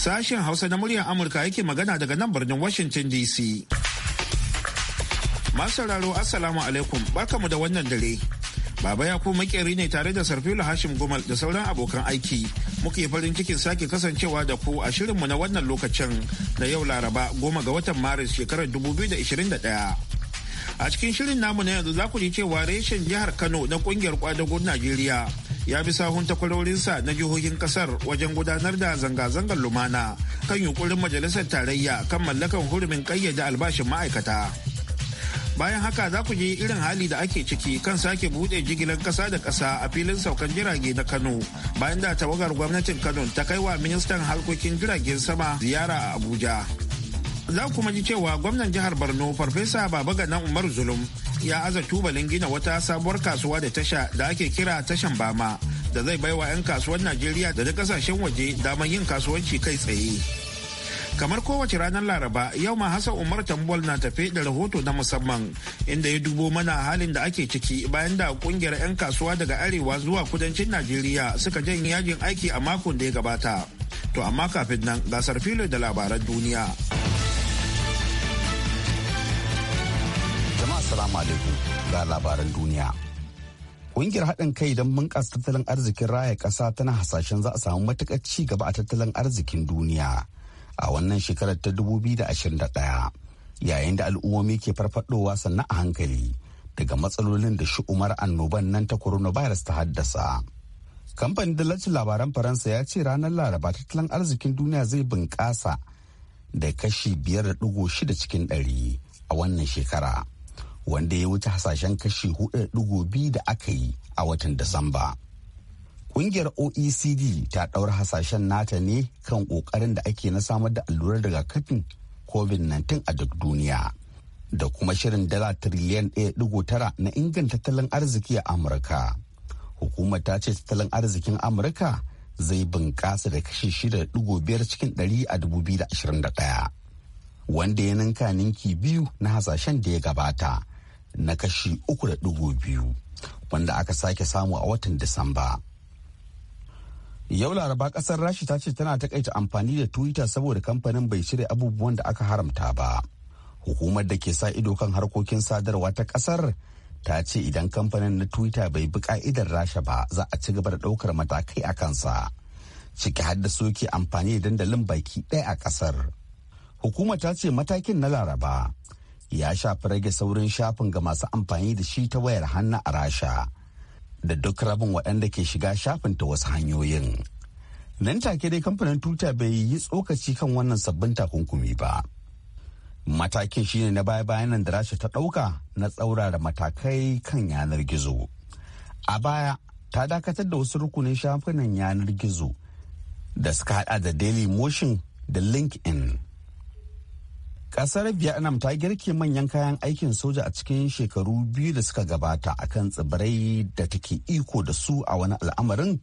Sashen Hausa na muryar Amurka yake magana daga nan birnin Washington DC. Masu sauraro Assalamu alaikum barkamu da wannan dare. Baba ya ku makeri ne tare da Sarfila Hashim Gumal da sauran abokan aiki. Muke farin cikin sake kasancewa da ku a shirinmu na wannan lokacin da yau Laraba goma ga watan Maris shekarar 2021. A cikin shirin namu na yanzu za ku ji cewa reshen jihar Kano na kungiyar kwadagon Najeriya ya bi sahun takwarorinsa na jihohin kasar wajen gudanar da zanga-zangar lumana kan yunkurin majalisar tarayya kan mallakan hurumin kayyade albashin ma'aikata bayan haka za ku je irin hali da ake ciki kan sake bude jigilar kasa da kasa a filin saukan jirage na kano bayan da tawagar gwamnatin kano ta kai wa ministan harkokin jiragen sama ziyara a abuja za kuma ji cewa gwamnan jihar borno farfesa baba ganan umar zulum ya aza tubalin gina wata sabuwar kasuwa da tasha da ake kira tashan bama da zai baiwa 'yan kasuwar najeriya da da kasashen waje damar yin kasuwanci kai tsaye kamar kowace ranar laraba yau ma hassan umar tambol na tafe da rahoto na musamman inda ya dubo mana halin da ake ciki bayan da kungiyar 'yan kasuwa daga arewa zuwa kudancin najeriya suka jan yajin aiki a makon da ya gabata to amma kafin nan gasar filo da labaran duniya. Assalamu alaikum ga labaran duniya. Ƙungiyar haɗin kai don bunƙasa tattalin arzikin raya ƙasa tana hasashen za a samu matuƙar ci gaba a tattalin arzikin duniya a wannan shekarar ta 2021 yayin da al'ummomi ke farfadowa sannan a hankali daga matsalolin da umar annoban nan ta coronavirus ta haddasa. Kamfanin dalacin labaran Faransa ya ce ranar Laraba tattalin arzikin duniya zai bunƙasa da kashi 5.6 cikin ɗari a wannan shekara. wanda ya wuce hasashen kashi 4.2 da aka yi a watan Disamba. Kungiyar OECD ta ɗaura hasashen nata ne kan ƙoƙarin da ake na samar da allurar daga kafin COVID-19 a duk duniya. Da kuma shirin dala tiriliyan 1.9 na inganta tattalin arziki a Amurka. Hukumar ta ce tattalin arzikin Amurka zai bunƙasa da kashi 6.5 cikin 100 a 2021. Wanda ya ninka ninki biyu na hasashen da ya gabata na kashi uku da dubu biyu wanda aka sake samu a watan Disamba. Yau laraba kasar Rashi ta ce tana takaita amfani da Twitter saboda kamfanin bai shirya abubuwan da aka haramta ba. Hukumar da ke sa ido kan harkokin sadarwa ta kasar ta ce idan kamfanin na Twitter bai bi ka'idar Rasha ba za a ci gaba da ɗaukar matakai a kansa. Ciki har da soke amfani da dandalin baki ɗaya a kasar. Hukumar ta ce matakin na laraba ya shafi rage saurin shafin ga masu amfani da shi ta wayar hannu a rasha da duk rabin waɗanda ke shiga shafin ta wasu hanyoyin nan take dai kamfanin tuta bai yi tsokaci kan wannan sabbin takunkumi ba matakin shine na baya bayanan da rasha ta ɗauka na tsaurara matakai kan yanar gizo a baya ta dakatar da wasu rukunin shafinan yanar gizo da suka hada da daily motion da linkedin Kasar Vietnam ta girke manyan kayan aikin soja a cikin shekaru biyu da suka gabata a kan tsibirai da take iko da su a wani al'amarin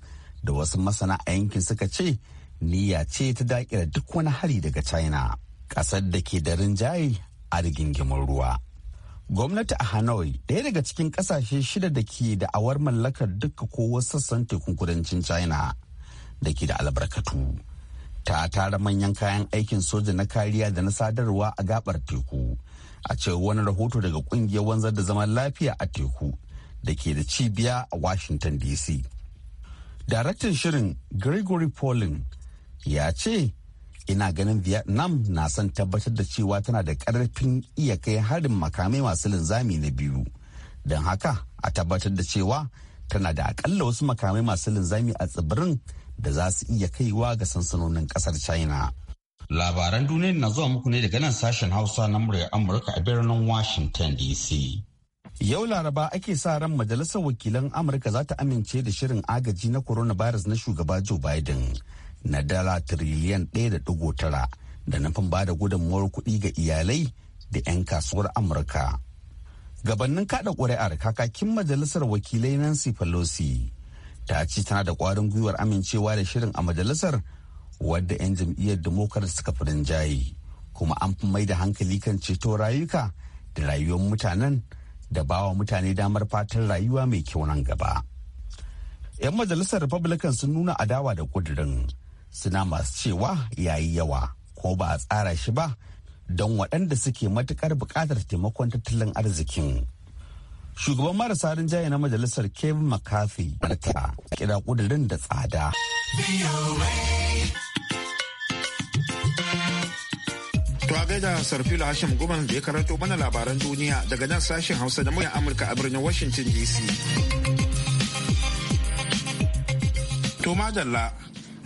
da wasu masana a yankin suka ce niyya ce ta dakira duk wani hari daga China. Kasar da ke da rinjaye a rigingimin ruwa. Gwamnati a Hanoi ɗaya daga cikin ƙasashe shida da ke da awar mallakar duka ko wasu sassan tekun kudancin China da ke da albarkatu. ta tara manyan kayan aikin soja na kariya da na sadarwa a gabar teku a cewar wani rahoto daga kungiyar wanzar da zaman lafiya a teku da ke da cibiya a washington dc daraktan shirin gregory polin ya ce ina ganin vietnam na son tabbatar da cewa tana da karfin iya kai harin makamai masu linzami na biyu don haka a tabbatar da cewa tana da akalla wasu makamai masu linzami a tsibirin da za su iya kaiwa ga sansanonin kasar china labaran duniya na zuwa muku ne daga nan sashen hausa na murya amurka a birnin washington dc yau laraba ake sa ran majalisar wakilan amurka za ta amince da shirin agaji na coronavirus na shugaba joe biden na dala tiriliyan 1.9 da nufin ba da gudunmuwar kuɗi ga iyalai da 'yan kasuwar amurka gabannin kaɗa ƙuri'ar kakakin majalisar wakilai nancy pelosi ta ce tana da kwarin gwiwar amincewa da shirin a majalisar wadda 'yan jam'iyyar democrat suka fi rinjaye kuma an fi mai da hankali kan ceto rayuka da rayuwar mutanen da bawa mutane damar fatan rayuwa mai kyau nan gaba 'yan majalisar republican sun nuna adawa da kudirin suna masu cewa yayi yawa ko ba a tsara shi ba don waɗanda suke matukar buƙatar taimakon tattalin arzikin shugaban marasa rinjaye na majalisar kevin mccarthy ta kira kudirin da tsada To a gaida Sarfilo Hashim Guman da ya karanto mana labaran duniya daga nan sashen Hausa da muryar Amurka a birnin Washington DC. To madalla,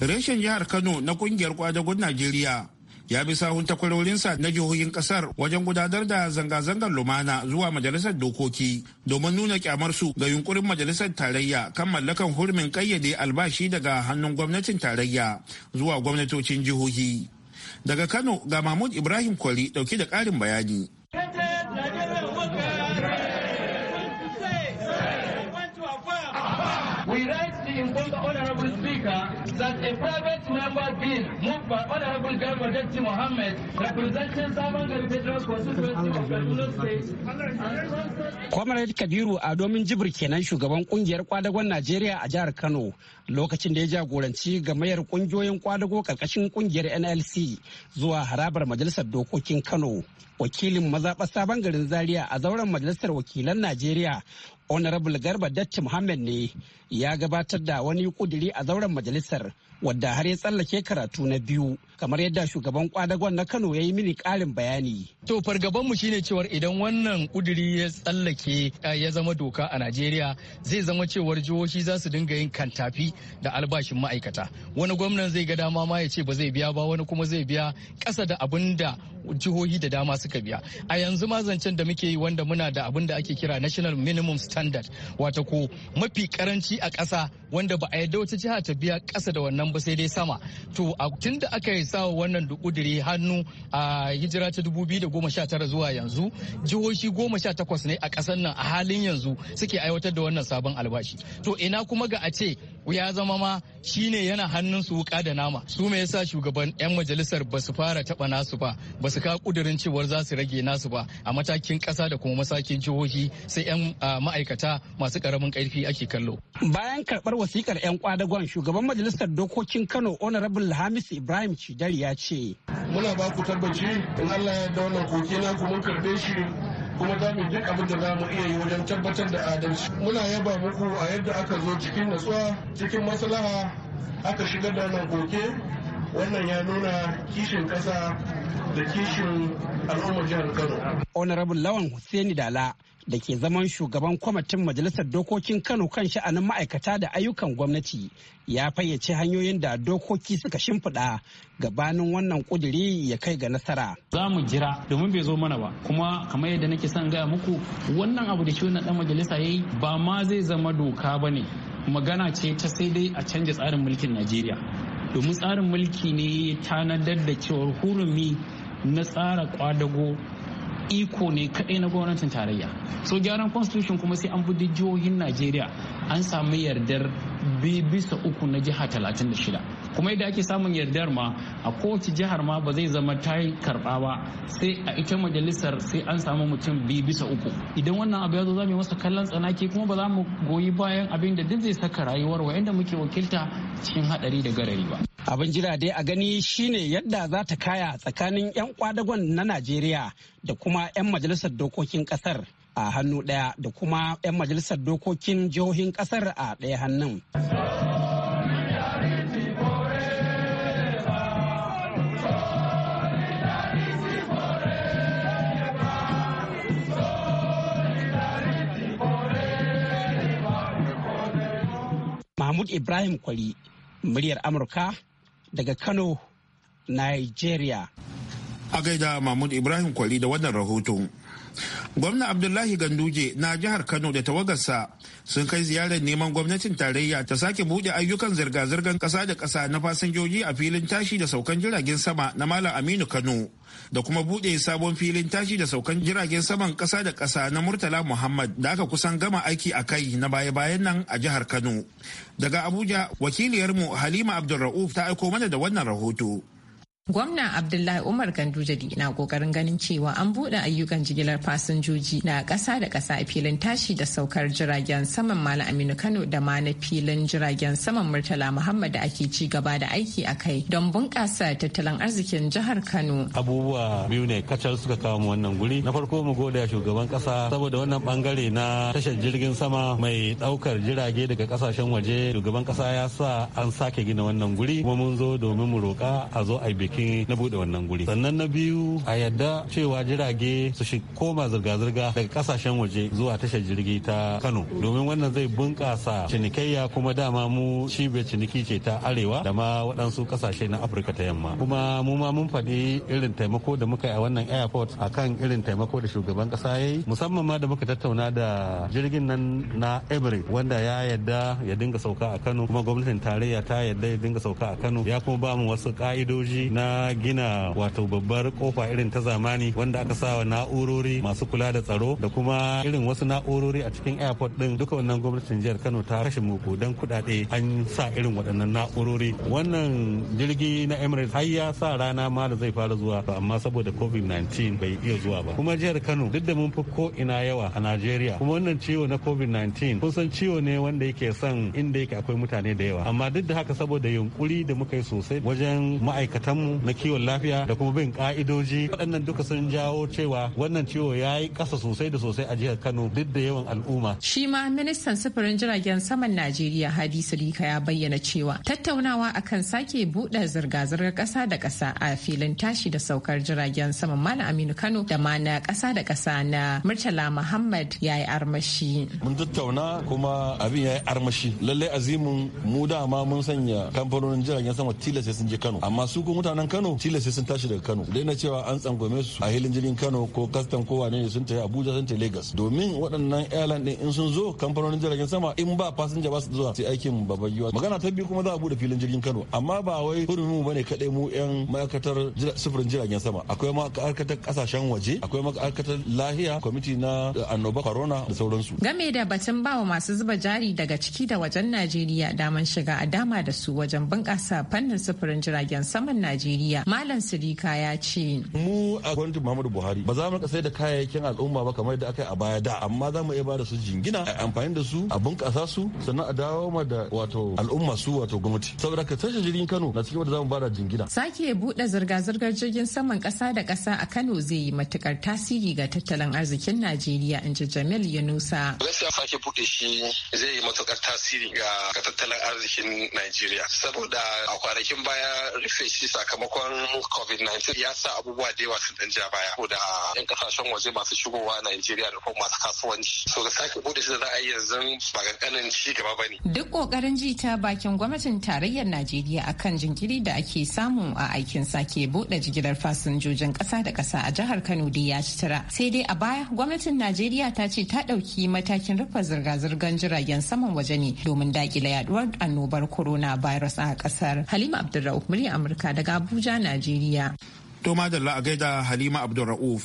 reshen jihar Kano na kungiyar kwadagun Najeriya ya bi sahun takwarorinsa na jihohin kasar wajen gudanar da zanga-zangar lumana zuwa majalisar dokoki domin nuna kyamarsu ga yunkurin majalisar tarayya kan mallakan hurmin kayyade albashi daga hannun gwamnatin tarayya zuwa gwamnatocin jihohi daga kano ga mahmud ibrahim kwari dauke da karin bayani We write to honorable Speaker, that a private member bill moved by Honorable Governor Deputy Mohammed, representing Saban Sabon Federal Constituency of Kaduna State. Comrade Kabiru Adomin Jibir kenan shugaban kungiyar kwadagon Najeriya a jihar Kano lokacin da ya jagoranci gamayar kungiyoyin kwadago karkashin kungiyar nlc zuwa harabar majalisar dokokin kano wakilin mazaɓar sabon garin zaria a zauren majalisar wakilan najeriya honorable garba datti muhammad ne ya gabatar da wani kuduri a zauren majalisar wadda har ya tsallake karatu na biyu kamar yadda shugaban kwadagon na kano ya yi mini karin bayani to fargaban mu shine cewar idan wannan kuduri ya tsallake ya zama doka a najeriya zai zama cewar jihohi za su dinga yin kantafi da albashin ma'aikata wani gwamnan zai ga dama ma ya ce ba zai biya ba wani kuma zai biya ƙasa da abin da jihohi da dama suka biya a yanzu ma zancen da muke yi wanda muna da abin da ake kira national minimum standard wata ko mafi karanci a ƙasa wanda ba a yadda wata jiha ta biya ƙasa da wannan ba sai dai sama to a tun aka yi sawa wannan dukuduri hannu a hijira ta 2019 zuwa yanzu jihohi sha 18 ne a ƙasar nan a halin yanzu suke aiwatar da wannan sabon albashi to ina kuma ga a ce ya zama ma ne yana hannun su wuka da nama su me yasa shugaban yan majalisar ba su fara taba nasu ba ba su ka kudirin cewar za su rage nasu ba a matakin kasa da kuma masakin jihohi sai yan ma'aikata masu karamin karfi ake kallo bayan karbar wasikar yan kwadagon shugaban majalisar dokokin Kano honorable Hamis Ibrahim Cidari ya ce muna ba ku tabbaci in Allah ya dauna wannan koke na ku mun karbe shi kuma za mu duk abin da za mu iya yi wajen tabbatar da adalci muna yaba muku a yadda aka zo cikin natsuwa cikin maslaha aka shigar da nan koke wannan ya nuna kishin kasa da kishin al'ummar jihar kano honorable lawan hussaini dala da ke zaman shugaban kwamitin majalisar dokokin kano kan sha'anin ma'aikata da ayyukan gwamnati ya fayyace hanyoyin da dokoki suka shimfiɗa gabanin wannan ƙudiri ya kai ga nasara za mu jira domin bai zo mana ba kuma kamar yadda nake son gaya muku wannan abu da shi ɗan dan majalisa yi. ba ma zai zama doka ba ne magana ce ta sai dai a canja tsarin mulkin najeriya domin tsarin mulki ne tanadar da cewar hurumi na tsara kwadago iko ne kaɗai na gwamnatin tarayya so gyaran constitution kuma sai an bi jihohin najeriya an samu yardar bibisa bisa uku na jiha 36 kuma yadda ake samun yardar ma a kowace jihar ma ba zai zama ta yi karɓa ba sai a ita majalisar sai an samu mutum bisa uku idan wannan abu ya zo za mu masa kallon tsanaki kuma ba za mu goyi bayan abin da duk zai saka rayuwar wa inda muke wakilta cikin haɗari da garari ba Abin jira dai a gani shine yadda za ta kaya tsakanin 'yan kwadagon na Najeriya da kuma 'yan majalisar dokokin kasar a hannu daya da kuma 'yan majalisar dokokin jihohin kasar a daya hannun. Mahmud Ibrahim Kwari, muryar Amurka daga Kano, Nigeria. A gaida Mahmud Ibrahim Kwali da wannan rahoton. gwamna abdullahi ganduje na jihar kano da tawagarsa sun kai ziyarar neman gwamnatin tarayya ta sake buɗe ayyukan zirga-zirgar ƙasa da ƙasa na fasinjoji a filin tashi da saukan jiragen sama na malam aminu kano da kuma buɗe sabon filin tashi da saukan jiragen saman ƙasa da ƙasa na murtala muhammad da aka kusan gama aiki a kai na baya-bayan nan a jihar kano daga abuja wakiliyarmu halima abdulra'uf ta aiko mana da wannan rahoto Gwamna Abdullahi Umar Ganduje na kokarin ganin cewa an buɗe ayyukan jigilar fasinjoji na ƙasa da ƙasa a filin tashi da saukar jiragen saman Malam Aminu Kano da ma na filin jiragen saman Murtala Muhammad da ake ci gaba da aiki a kai don bunƙasa tattalin arzikin jihar Kano. Abubuwa biyu ne kacal suka kawo mu wannan guri. Na farko mu gode shugaban ƙasa saboda wannan bangare na tashar jirgin sama mai ɗaukar jirage daga ƙasashen waje. Shugaban ƙasa ya sa an sake gina wannan guri kuma mun zo domin mu roƙa a zo a biki dokoki na bude wannan guri sannan na biyu a yadda cewa jirage su shi koma zirga-zirga daga kasashen waje zuwa tashar jirgi ta kano domin wannan zai bunkasa cinikayya kuma dama mu cibiyar ciniki ce ta arewa da ma waɗansu kasashe na afirka ta yamma kuma mu ma mun faɗi irin taimako da muka yi a wannan airport kan irin taimako da shugaban ƙasa ya yi musamman ma da muka tattauna da jirgin nan na ebre wanda ya yadda ya dinga sauka a kano kuma gwamnatin tarayya ta yadda ya dinga sauka a kano ya kuma ba mu wasu ka'idoji na na gina wato babbar kofa irin ta zamani wanda aka sawa na'urori masu kula da tsaro da kuma irin wasu na'urori a cikin airport din duka wannan gwamnatin jihar Kano ta kashe muku don kudade an sa irin waɗannan na'urori wannan jirgi na Emirates har ya sa rana ma da zai fara zuwa amma saboda COVID-19 bai iya zuwa ba kuma jihar Kano duk da mun fi ko ina yawa a Najeriya kuma wannan ciwo na COVID-19 kun san ciwo ne wanda yake son inda yake akwai mutane da yawa amma duk da haka saboda yunkuri da muka yi sosai wajen ma'aikatanmu na kiwon lafiya da kuma bin ka'idoji waɗannan duka sun jawo cewa wannan ciwo ya yi ƙasa sosai da sosai a jihar Kano duk da yawan al'umma. Shi ma ministan sufurin jiragen saman Najeriya Hadi Sirika ya bayyana cewa tattaunawa akan sake buɗe zirga-zirgar ƙasa da ƙasa a filin tashi da saukar jiragen sama Malam Aminu Kano da ma na ƙasa da ƙasa na Murtala Muhammad ya yi armashi. Mun tattauna kuma abin ya yi armashi. Lallai azimin mu dama mun sanya kamfanonin jiragen sama tilas sun je Kano. Amma su kuma mutanen mutanen Kano tilas sai sun tashi daga Kano dai na cewa an tsangwame su a hilin jirgin Kano ko kastan ko wane ne sun tafi Abuja sun tafi Lagos domin waɗannan airline din in sun zo kamfanonin jiragen sama in ba fasinja ba su zuwa sai aikin babban yiwa magana ta biyu kuma za a bude filin jirgin Kano amma ba wai hurumin mu bane kadai mu yan ma'aikatar sufurin jiragen sama akwai ma'aikatar kasashen waje akwai ma'aikatar lahiya kwamiti na annoba corona da sauransu game da batun bawa masu zuba jari daga ciki da wajen Najeriya daman shiga a dama da su wajen bunƙasa fannin sufurin jiragen saman Najeriya Najeriya. Malam Sirika ya ce. Mu a gwamnatin Muhammadu Buhari ba za mu kasai da kayayyakin al'umma ba kamar da aka yi a baya da amma za mu iya ba da su jingina a amfani da su a bunƙasa su sannan a dawo ma da wato al'umma su wato gwamnati. Saboda ka tashi jirgin Kano na cikin wanda za mu ba da jingina. Sake buɗe zirga-zirgar jirgin saman ƙasa da ƙasa a Kano zai yi matukar tasiri ga tattalin arzikin Najeriya in ji Jamil Yunusa. Gaskiya sake buɗe shi zai yi matukar tasiri ga tattalin arzikin Najeriya saboda a kwanakin baya rufe shi sakamakon sakamakon covid-19 ya sa abubuwa da yawa sun danja baya baya da yan kasashen waje masu shigowa Najeriya da kuma masu kasuwanci so ga sake bude shi da za yanzu ba kankanin ci gaba bane duk kokarin ji ta bakin gwamnatin tarayyar Najeriya akan jinkiri da ake samu a aikin sake bude jigilar fasinjojin kasa da kasa a jihar Kano da ya ci tara sai dai a baya gwamnatin Najeriya ta ce ta dauki matakin rufe zirga-zirgar jiragen saman waje ne domin dakile yaduwar annobar Corona coronavirus a kasar Halima Abdulrauf murya Amurka daga Abuja, Najeriya. To madalla a gaida Halima Abdulra'uf.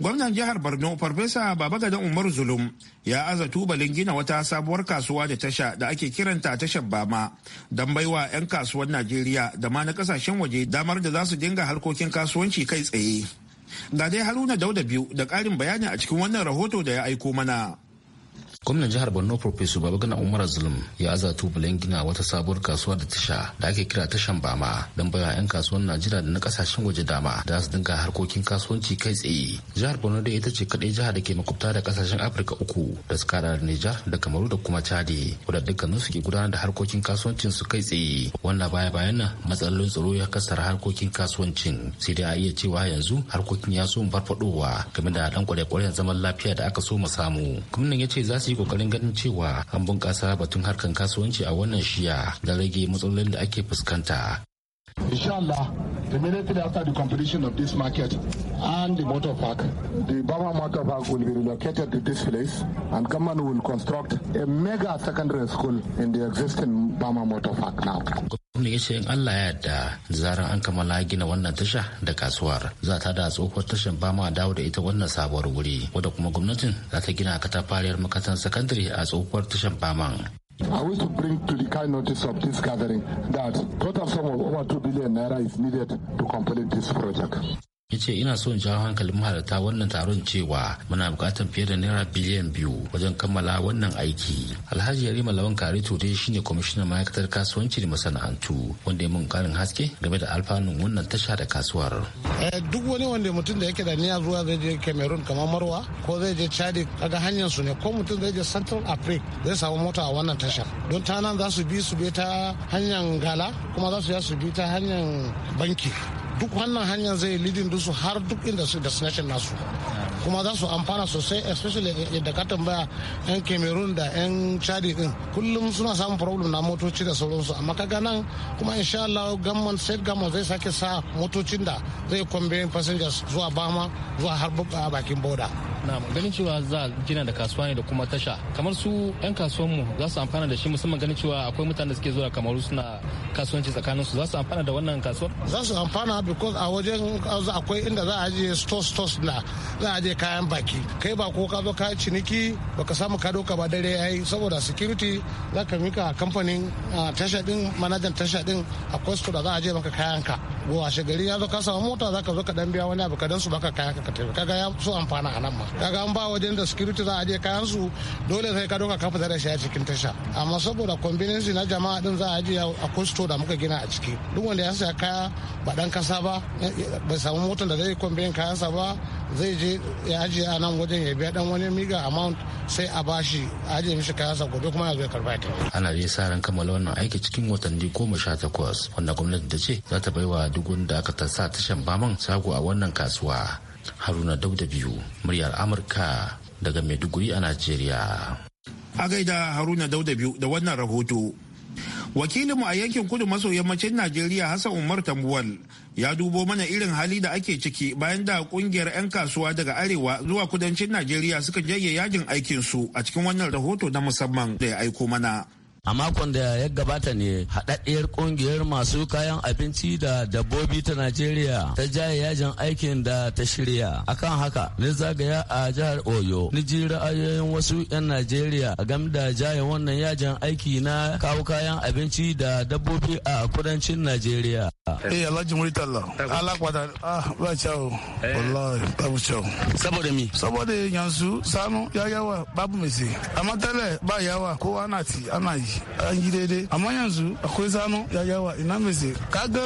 Gwamnan jihar Borno Farfesa Babagadan Umar Zulum ya aza tubalin gina wata sabuwar kasuwa da tasha da ake kiranta tashar Bama don baiwa 'yan kasuwar Najeriya da ma na kasashen waje damar da za su dinga harkokin kasuwanci kai tsaye. Ga dai Haruna Dauda biyu da ƙarin bayani a cikin wannan rahoto da ya aiko mana. Gwamnan jihar Borno Professor Babagana Umar Zulum ya aza tubulen gina wata sabuwar kasuwa da tasha da ake kira tashan Bama don baya 'yan kasuwan Najeriya da na kasashen waje dama da su dinga harkokin kasuwanci kai tsaye. Jihar Borno dai ita ce kadai jihar da ke makwabta da kasashen Afirka uku da kara da Nijar da Kamaru da kuma Chadi wadda dukkanin su ke gudanar da harkokin kasuwancin su kai tsaye. Wanda baya bayan nan matsalolin tsaro ya kasar harkokin kasuwancin sai dai a iya cewa yanzu harkokin ya so farfadowa game da dan kwale-kwalen zaman lafiya da aka so mu samu. Gwamnan ya ce za su yi kokarin ganin cewa an bunƙasa batun harkar kasuwanci a wannan shiya da rage matsalolin da ake fuskanta Inshallah, immediately after the completion of this market and the motor park, the Bama motor park will be relocated to this place and government will construct a mega secondary school in the existing Bama motor park now. gwamna ya ce in Allah ya yarda zarar an kammala gina wannan tasha da kasuwar za ta da tsohuwar tashar bama dawo da ita wannan sabuwar wuri wadda kuma gwamnatin za ta gina katafariyar makatan sakandare a tsohuwar tashar baman I wish to bring to the kind notice of this gathering that total sum of over 2 billion naira is needed to complete this project. ya ce ina so in jawo hankalin mahalarta wannan taron cewa muna bukatar fiye da naira biliyan biyu wajen kammala wannan aiki alhaji yarima lawan kare ture shine kwamishinan ma'aikatar kasuwanci da masana'antu wanda ya mun karin haske game da alfanun wannan tasha da kasuwar eh, duk wani wanda mutum da yake da niyya zuwa zai je cameroon kamar marwa ko zai je chadi kaga hanyar su ne ko mutum zai je central africa zai samu mota a wannan tasha don ta nan za su bi su bi ta hanyar gala kuma za su ya su bi ta hanyar banki duk wannan hanyar zai lidin dusu har duk inda su destination nasu kuma za su amfana sosai especially eh, eh, da ka tambaya yan cameroon da yan chadi din kullum suna samun problem na motoci da sauransu amma kaga nan kuma insha Allah gamman state gamman zai sake sa motocin da zai kwambe passengers zuwa bama zuwa har bakin boda na ganin cewa za gina da kasuwa ne da kuma tasha kamar su 'yan kasuwan mu za su amfana da shi musamman ganin cewa akwai mutane da suke zuwa kamaru suna kasuwanci tsakanin su za su amfana da wannan kasuwar za su amfana because a wajen akwai inda za a je store stores na za a je kayan baki kai ba ko ka zo ka ciniki baka samu ka doka ba dare yayi saboda security za ka mika kamfanin ah, tasha din manajan tasha din akwai store da za a je maka kayan ka washe gari ya zo ka samu mota za ka zo ka dan biya wani abu ka dan su baka kaya ka tafi kaga ya so amfana a nan ma kaga an ba wajen da security za a je kayan su dole sai ka doka ka fita da shi a cikin tasha amma saboda convenience na jama'a din za a je a kusto da muka gina a ciki duk wanda ya saya kaya ba dan kasa ba bai samu motar da zai convenience kayansa ba zai je ya ajiye a nan wajen ya biya dan wani miga amount sai a bashi a ajiye mishi sa gobe kuma ya zo ya karba ta ana dai sa ran kammala wannan aiki cikin watanni goma sha takwas wanda gwamnati ta ce za ta baiwa duk wanda aka ta sa tashan baman shago a wannan kasuwa haruna dauda biyu muryar amurka daga maiduguri a nigeria. a gaida haruna dauda biyu da wannan rahoto wakilinmu a yankin kudu maso yammacin najeriya hassan umar tambuwal ya dubo mana irin hali da ake ciki bayan da kungiyar 'yan kasuwa daga arewa zuwa kudancin najeriya suka janye yajin aikinsu a cikin wannan rahoto na musamman da ya aiko mana a makon da ya gabata ne haɗaɗɗiyar ƙungiyar masu kayan abinci da dabbobi ta najeriya ta jaye yajin aikin da ta shirya akan haka ni zagaya a jihar oyo ni ji ra'ayoyin wasu 'yan najeriya a game da jaye wannan yajin aiki na kawo kayan abinci da dabbobi a kudancin najeriya eh alhaji muritalla kwata ah ba kyau eh. wallahi babu kyau saboda mi saboda yanzu sanu ya yawa babu mai amma tale ba yawa kowa na ci ana yi an yi daidai amma yanzu akwai zano ya yawa ina mai sai ka ga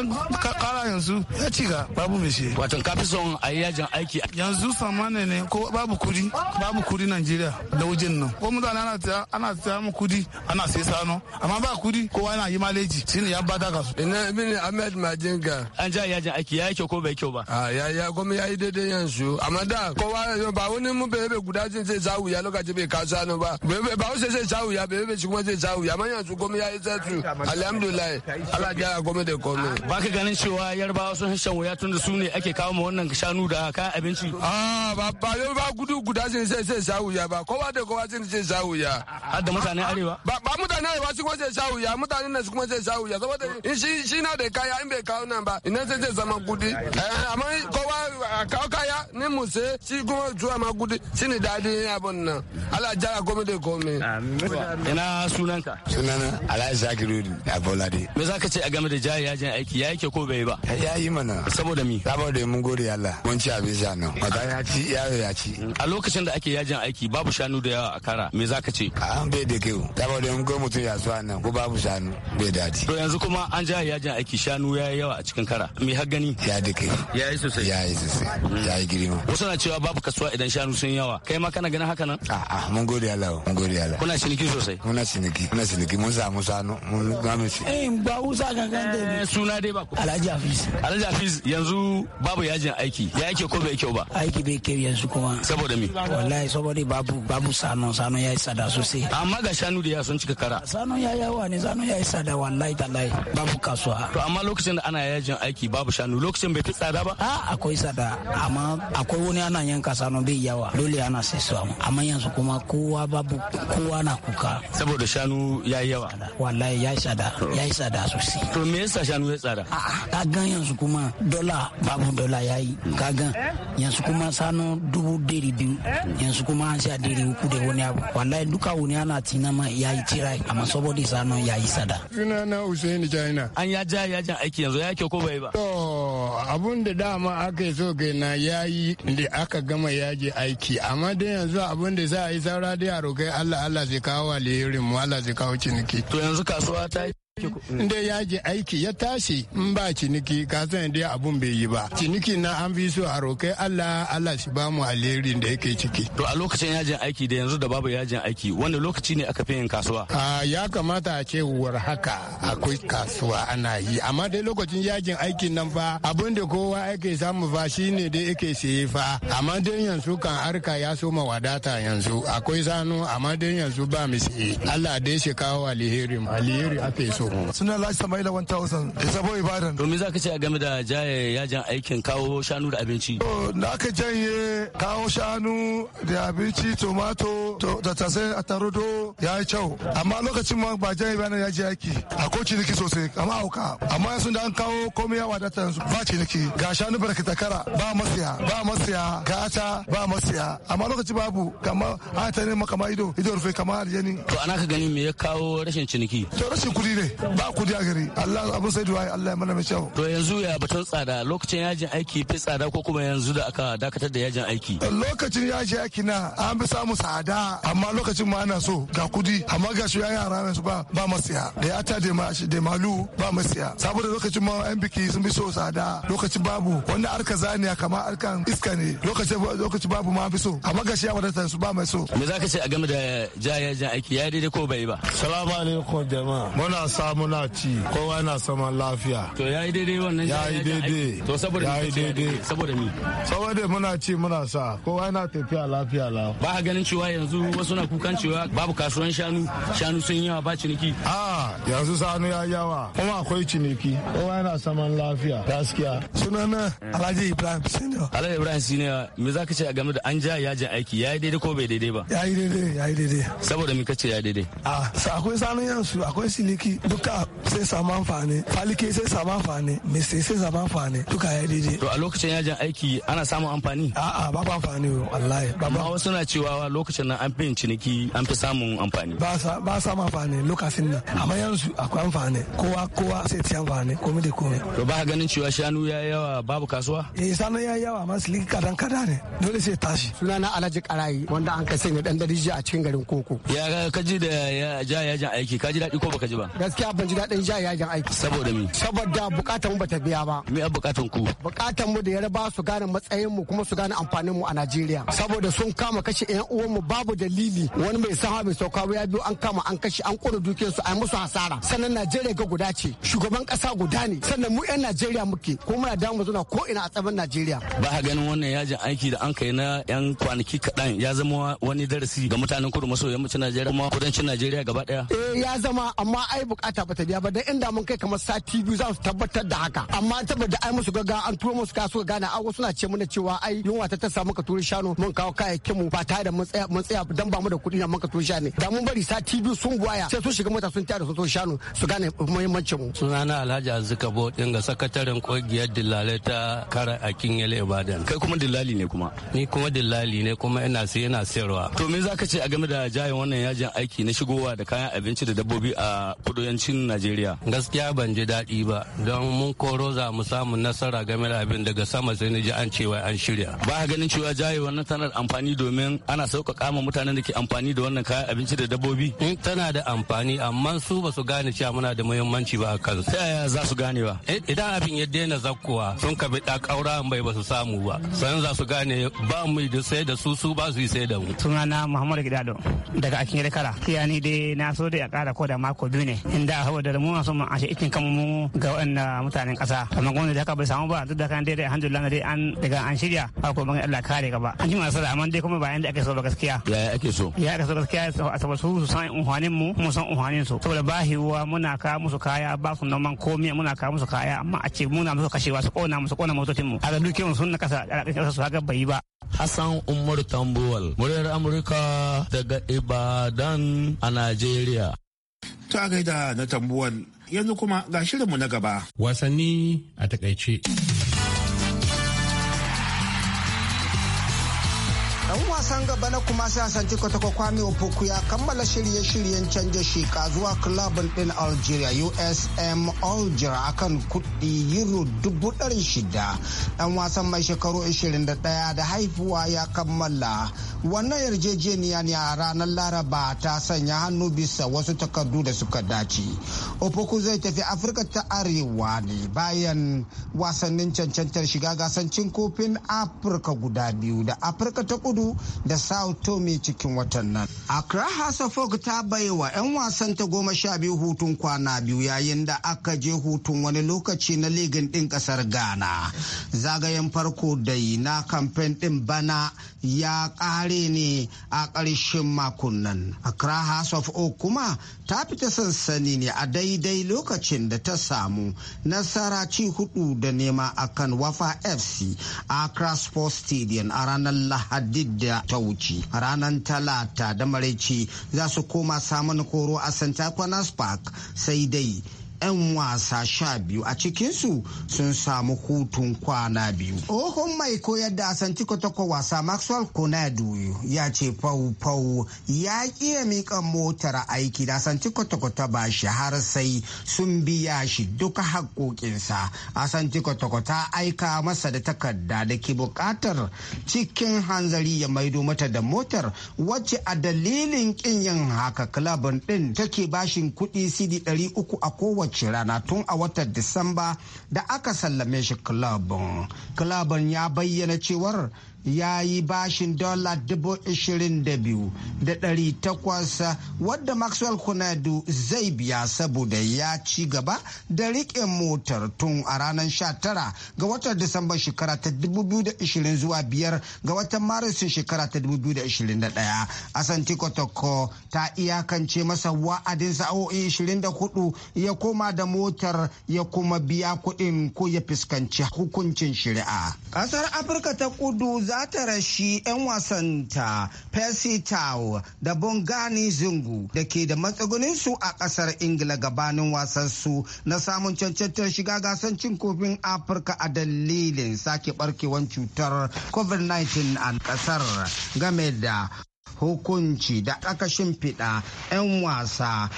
kara yanzu ya ci ga babu mai shi wato ka fi son a yajin aiki yanzu samanin ne ko babu kudi babu kudi Najeriya da wajen nan ko mutane ana ta ana ta mu kudi ana sai sano amma ba kudi kowa yana yi maleji shine ya bada ka su ina ibn Ahmed Majinga an ja yajin aiki ya yake ko bai kyau ba a ya ya goma ya yi daidai yanzu amma da kowa ba wani mu bebe guda jin zai zawu ya lokacin bai kasa ba ba wani sai zai zawu ya bebe shi kuma zai zawu amma yanzu gwamnati ya yi zatu alhamdulillah ala ya gwamnati da gwamnati ba ka ganin cewa yarbawa sun shan wuya tun da su ne ake kawo ma wannan shanu da kayan abinci ah ba yau ba gudu guda sun sai sai sa wuya ba kowa da kowa sun sai sa wuya har da mutanen arewa ba ba mutanen arewa sun kuma sai sa wuya mutanen nan sun kuma sai sa wuya saboda shi shi na da kaya in bai kawo nan ba ina sai sai zama gudi eh, amma kowa kawo kaya ni musa shi kuma zuwa ma gudi shi ne dadin abun nan ala ya gwamnati da gwamnati ina sunanka sunana alhaji zakiru a bolade me za ka ce a game da jari yajin aiki ya yake ko bai ba ya yi mana saboda mi saboda mun gode Allah mun ci abinci a nan maza ya ci yaro ya ci a lokacin da ake yajin aiki babu shanu da yawa a kara me za ka ce an bai da kyau saboda mun ga mutum ya suwa nan ko babu shanu bai dadi to yanzu kuma an jari yajin aiki shanu ya yi yawa a cikin kara me har gani ya da kai ya yi sosai ya yi sosai ya yi girma wasu na cewa babu kasuwa idan shanu sun yawa kai ma kana ganin haka nan a'a mun gode Allah mun gode Allah kuna ciniki sosai muna ciniki muna ciniki mun samu sanu mun gami shi. Eh ba wusa gangan da eh, suna dai ba. Alhaji Hafiz. Alhaji Hafiz yanzu babu yajin aiki ya yake ko bai kyau ba. Aiki bai kyau yanzu kuma. Saboda me? Wallahi saboda babu babu sanu sano ya yi sada sosai. Amma ga shanu da ya sun cika kara. sano ya yawa ne sano ya yi sada wallahi tallahi babu kasuwa. To amma lokacin da ana yajin aiki babu shanu lokacin bai fi tsada ba. A ah, akwai sada amma akwai wani ana yanka sano bai yawa dole ana sai su amma yanzu kuma kowa babu kowa na kuka. Saboda shanu ya yi yawa wallahi ya yi tsada hmm. ya yi tsada sosai to me yasa shanu ya tsada a'a ka gan yanzu kuma dola babu dola ya yi hmm. ka gan yanzu kuma sanu dubu deri biyu hmm. yanzu kuma an sha deri uku da wani abu wallahi duka wani ana tina ma ya yi tira amma saboda sanu ya yi tsada suna na usaini Jaina. an ya ja ya ja aiki yanzu ya ke ko bai ba to abun da dama aka so na ya yi da aka gama yaji aiki amma dai yanzu abun da za a yi saura dai a roƙai allah allah zai kawo alherin mu allah zai kawo kawo ciniki to kasuwa ta Inda ya je aiki ya tashi in ba ciniki ka san dai abun bai yi ba. Ciniki na an fi so a roƙe Allah Allah shi ba mu alherin da yake ciki. To a lokacin yajin aiki da yanzu da babu yajin aiki wanda lokaci ne aka fi yin kasuwa? ya kamata a ce war haka akwai kasuwa ana yi amma dai lokacin yajin aiki nan fa abun da kowa yake samu fa shine dai yake siye fa amma dai yanzu kan harka ya ma wadata yanzu akwai sanu amma dai yanzu ba mu siye. Allah dai shi kawo alherin alheri a so. plateau suna lashi samaila 1000 da sabo ibadan domin za ka ce a game da jaye yajin aikin kawo shanu da abinci na ka janye kawo shanu da abinci tomato da tasai a tarudo ya yi kyau amma lokacin ma ba janye bayan ya ji aiki a ko niki sosai amma auka amma sun da an kawo komai ya wadata yanzu ba niki ga shanu barkata kara ba masiya ba masiya Ga ata ba masiya amma lokaci babu kama a ta nema kama ido ido rufe kama aljani to ana ka gani me ya kawo rashin ciniki to rashin kuɗi ne ba ku da gari Allah abu sai duwa Allah ya mana mai kyau to yanzu ya batun tsada lokacin yajin aiki fi tsada ko kuma yanzu da aka dakatar da yajin aiki lokacin yajin aiki na an bi samu tsada amma lokacin ma ana so ga kudi amma ga shi yara ne su ba ba masiya da ya ta da malu ba masiya saboda lokacin ma yan biki sun bi so tsada lokacin babu wanda arka zaniya kamar arkan iska ne lokacin lokacin babu ma bi so amma ga shi ya wadatar su ba mai so me zaka ce a game da jaya aiki ya daidai ko bai ba salamu alaikum jama'a muna ƙasa muna ci kowa na saman lafiya to ya yi daidai wannan yi daidai to saboda yi daidai saboda mi saboda muna ci muna sa kowa na tafiya lafiya la ba a ganin cewa yanzu wasu na kukan cewa babu kasuwan shanu shanu sun yawa ba ciniki a yanzu sanu ya yawa kuma akwai ciniki kowa yana saman lafiya gaskiya sunana alhaji ibrahim senior alhaji ibrahim senior me za ka ce a game da an ja yajin aiki yi daidai ko bai daidai ba ya yi daidai yi daidai saboda ce ya yi daidai a akwai sanu yansu akwai siliki duka sai samu amfani falike sai samu amfani mese sai samu amfani duka ya daidai to a lokacin yajin aiki ana samun amfani a'a babu amfani wallahi babu amma wasu na cewa lokacin nan an fi yin ciniki an fi samun amfani ba sa ba samun amfani lokacin nan amma yanzu akwai amfani kowa kowa sai ci amfani komai da komai to ba ganin cewa shanu ya yawa babu kasuwa eh sanu ya yawa amma siliki kadan kada ne dole sai tashi na Alhaji Karayi wanda an ka sanya dan dariji a cikin garin Koko ya kaji da ya ja yajin aiki kaji da ko baka ji ba gaskiya gaskiya ban ji daɗin ja yajin aiki saboda me saboda bukatan mu bata biya ba me bukatan ku bukatan mu da yarba su gane matsayin mu kuma su gane amfanin mu a Najeriya saboda sun kama kashe ƴan uwan mu babu dalili wani mai hawa mai sauka ya biyo an kama an kashe an kora dukiyar su a musu hasara sannan Najeriya ga guda ce shugaban kasa guda ne sannan mu ƴan Najeriya muke ko muna da mu zuna ko ina a tsaban Najeriya ba ha ganin wannan yajin aiki da an kai na ƴan kwanaki kaɗan ya zama wani darasi ga mutanen kudu maso yammacin Najeriya kuma kudancin Najeriya gaba ɗaya eh ya zama amma ai bukatan bukata bata biya ba dan inda mun kai kamar sati biyu za su tabbatar da haka amma an tabbata ai musu gaga an turo musu kasu ga gana awo suna ce mana cewa ai yunwa ta tasa muka turi shanu mun kawo kayayyakin mu ba tare da mun tsaya mun tsaya dan ba mu da kuɗi na muka turi shanu da mun bari sati biyu sun buwaya sai sun shiga mota sun tada su turi shanu su gane muhimmancin mu sunana Alhaji Azuka Bodin ga sakataren kungiyar dillalai ta kara a Yale Ibadan kai kuma dillali ne kuma ni kuma dillali ne kuma ina sai ina sayarwa to me zaka ce a game da jayin wannan yajin aiki na shigowa da kayan abinci da dabbobi a kudoyan kudancin najeriya gaskiya ban ji daɗi ba don mun koro za mu samu nasara game da abin daga sama sai ji an cewa an shirya ba ganin cewa jaye wannan tana da amfani domin ana sauƙaƙa ma mutanen da ke amfani da wannan kayan abinci da dabbobi in tana da amfani amma su ba su gane cewa muna da muhimmanci ba a kan ta yaya za su gane ba eh, idan abin ya daina zakkowa sun kabi da ƙaura bai ba su samu ba san za su gane ba mu da sai da su su ba su yi sai da mu sunana muhammadu gidado daga akin kara kiyani dai na so da ya kara ko da mako biyu ne inda da saboda mu na so mu ashe ikin kan mu ga wannan mutanen kasa amma gwamnati da haka bai samu ba duk da kan daidai alhamdulillah dai an daga an shirya ba ko ban Allah kare gaba an ji masa amma dai kuma ba yanda ake so ba gaskiya ya ake so ya ake so gaskiya a saboda su su san unhanin mu mu san unhanin su saboda ba hiwa muna ka musu kaya ba su noman komai muna ka musu kaya amma a ce muna musu kashewa su kona musu kona motocin mu a ga dukiyar sun sunna kasa a ƙarƙashin su haka bai yi ba Hassan Umar Tambuwal, muryar Amurka daga Ibadan a Najeriya. ta gaida na tambuwan yanzu kuma ga shirinmu na gaba wasanni a takaice wasan gaba na kuma kwata tikwata mai opoku ya kammala shirye-shiryen canja shika zuwa kulabin din algeria usm algeria akan kudi euro dubu dari shida dan wasan mai shekaru 21 da haifuwa ya kammala wannan yarjejeniya ne a ranar laraba ta sanya hannu bisa wasu takardu da suka dace opoku zai tafi afirka ta arewa ne bayan wasannin cancantar shiga gasancin kofin afirka guda biyu da afirka ta kudu da Sao Tome cikin watan nan. Accra Hasafok ta baiwa 'yan wasan ta goma sha biyu hutun kwana biyu yayin da aka je hutun wani lokaci na ligin ɗin ƙasar Ghana. Zagayen farko dai na kamfen ɗin bana ya ƙare ne a ƙarshen makon nan. Accra House of Oak kuma ta fita sansani ne a daidai lokacin da ta samu nasara ci hudu da nema a kan Wafa FC a Accra Sports Stadium a ranar Lahadi da ta wuce. Ranar Talata da Maraici za su koma samun koro a Santa Park sai dai. 'yan wasa sha biyu a cikinsu sun samu hutun kwana biyu. Ohun mai koyar da asanti kwatakwa wasa Maxwell Konadu ya ce fau-fau ya kiya miƙa motar aiki da asanti kwatakwata ba shi har sai sun biya shi duka haƙoƙinsa. Asanti kwatakwata aika masa da takarda da ke buƙatar cikin hanzari ya maido mata da motar wacce a dalilin ƙin yin haka kilabin ɗin take bashin kuɗi ɗari uku a kowace kowace rana tun a watan Disamba da aka sallame shi kulabin. Kulabin ya bayyana cewar ya yi bashin dola dubu da ɗari takwas wadda maxwell kunadu zai biya saboda ya ci gaba da riƙe motar tun a ranar 19 ga watan disamba shekara ta 2020 zuwa biyar ga watan maris shekara ta 2021 asanti kotoko ta iyakance masa wa'adin sa'o'i 24 ya koma da motar ya kuma biya kuɗin ko ya fuskanci hukuncin shari'a ƙasar afirka ta kudu za ta rashi 'yan wasanta Percy Tau da Bongani Zungu da ke da matsuguninsu a ƙasar Ingila gabanin wasansu na samun cancantar shiga gasan cin kofin Afirka a dalilin sake barkewan cutar COVID-19 a ƙasar game da hukunci da aka fiɗa, 'yan wasa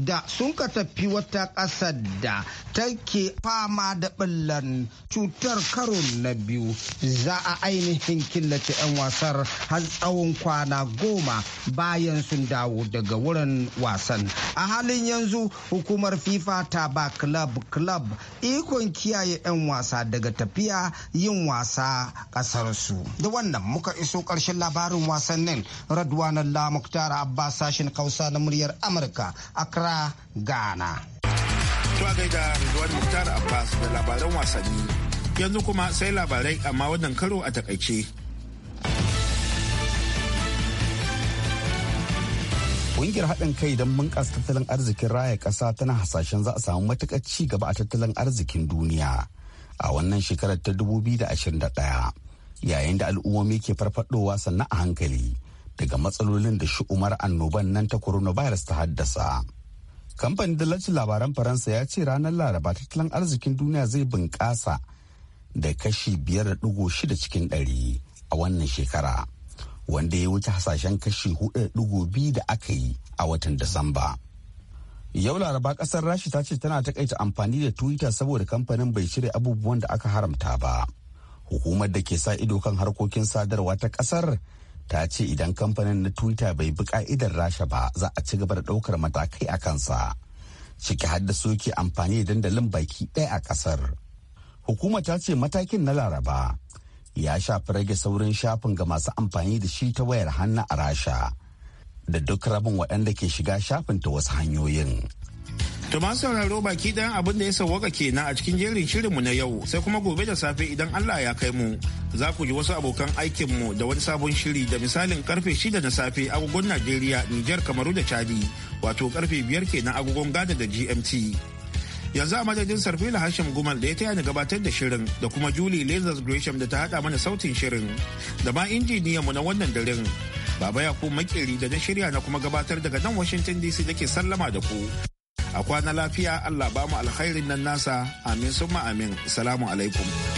da sun ka tafi wata ƙasar da take fama da ɓullan cutar karo na biyu za a ainihin killace 'yan wasar har tsawon kwana goma bayan sun dawo daga wurin wasan a halin yanzu hukumar fifa ta ba club club ikon kiyaye 'yan wasa daga tafiya yin wasa ƙasarsu da wannan muka iso ƙarshen labarin wasannin radwanan lamuktar abbas sashen kausa na muryar amurka a Accra, Ghana. Tuwa gaida Ridwan Mukhtar Abbas da labaran wasanni. Yanzu kuma sai labarai amma wannan karo a takaice. Ƙungiyar haɗin kai don bunƙasa tattalin arzikin raya ƙasa tana hasashen za a samu matuƙar ci gaba a tattalin arzikin duniya a wannan shekarar ta 2021 yayin da al'ummomi ke farfadowa sannan a hankali daga matsalolin da shi umar annoban nan ta coronavirus ta haddasa. kamfanin dalacin labaran faransa ya ce ranar laraba tattalin arzikin duniya zai bunƙasa da kashi biyar shida cikin ɗari a wannan shekara wanda ya wuce hasashen kashi 4.2 da aka yi a watan disamba yau laraba kasar rashi ta ce tana takaita amfani da twitter saboda kamfanin bai cire abubuwan da aka haramta ba hukumar da ke sa ido kan harkokin sadarwa ta kasar ta ce idan kamfanin na twitter bai bi ka'idar rasha ba za a ci gaba da ɗaukar matakai a kansa ciki har da soke amfani da dandalin baki ɗaya a ƙasar hukuma ta ce matakin na laraba ya shafi rage saurin shafin ga masu amfani da shi ta wayar hannu a rasha da duk rabin waɗanda ke shiga shafin ta wasu hanyoyin To masu sauraro baki ɗayan abin da ya sauwaka kenan a cikin jerin shirinmu na yau sai kuma gobe da safe idan Allah ya kai mu za ku ji wasu abokan aikinmu da wani sabon shiri da misalin karfe shida na safe agogon Najeriya, Nijar, Kamaru da Chadi wato karfe biyar kenan agogon Gada da GMT. Yanzu a madadin Sarfila Hashim Gumal da ya taya ni gabatar da shirin da kuma Julie Lazarus Gresham da ta haɗa mana sautin shirin da ma mu na wannan daren. Baba ya ku Makeri da na shirya na kuma gabatar daga nan Washington DC da ke sallama da ku. a kwana lafiya allah ba mu alkhairin nan nasa amin summa amin salamu alaikum